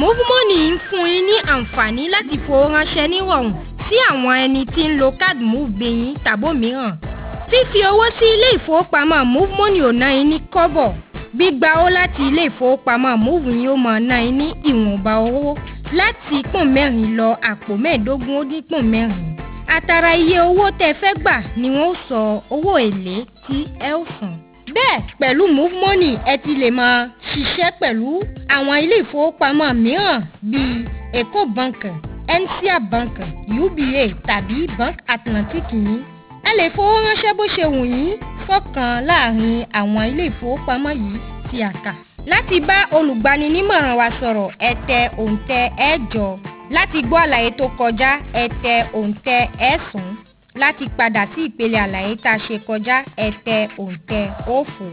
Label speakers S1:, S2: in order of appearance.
S1: movemoney ń fún yín ní àǹfààní láti fowó ránṣẹ́ nírọ̀rùn sí àwọn ẹni tí ń lo card move yín tàbómíràn fífi owó sí ilé ìfowópamọ́ movemoney ò ná yín ní kọ́bọ̀ gbígba owó láti ilé ìfowópamọ́ move yín ó máa ná yín ní ìwọ̀nba owó láti pọ̀n mẹ́rin lọ àpò mẹ́ẹ̀ẹ́dógún ó dín pọ̀n mẹ́rin àtàrà iye owó tẹ́ fẹ́ gbà ni wọ́n sọ owó èlé tí ẹ ó san bẹ́ẹ̀ pẹ̀lú move money ẹ ti lè máa ṣiṣẹ́ pẹ̀lú àwọn ilé ìfowópamọ́ mìíràn bíi ecobank nsia bank uba tàbí bank atlantic yín ẹ lè fowó ránṣẹ́ bó ṣe wù yín sọ́kan láàrin àwọn ilé ìfowópamọ́ yìí tí a kà. láti bá olùgbaninímọ̀ràn wa sọ̀rọ̀ ẹ tẹ òǹtẹ̀ ẹ̀jọ láti gbọ́ àlàyé tó kọjá ẹ tẹ òǹtẹ̀ ẹ̀sán láti padà sí ìpele àlàyé tá a ṣe
S2: kọjá ẹ tẹ òǹtẹ̀ òfo.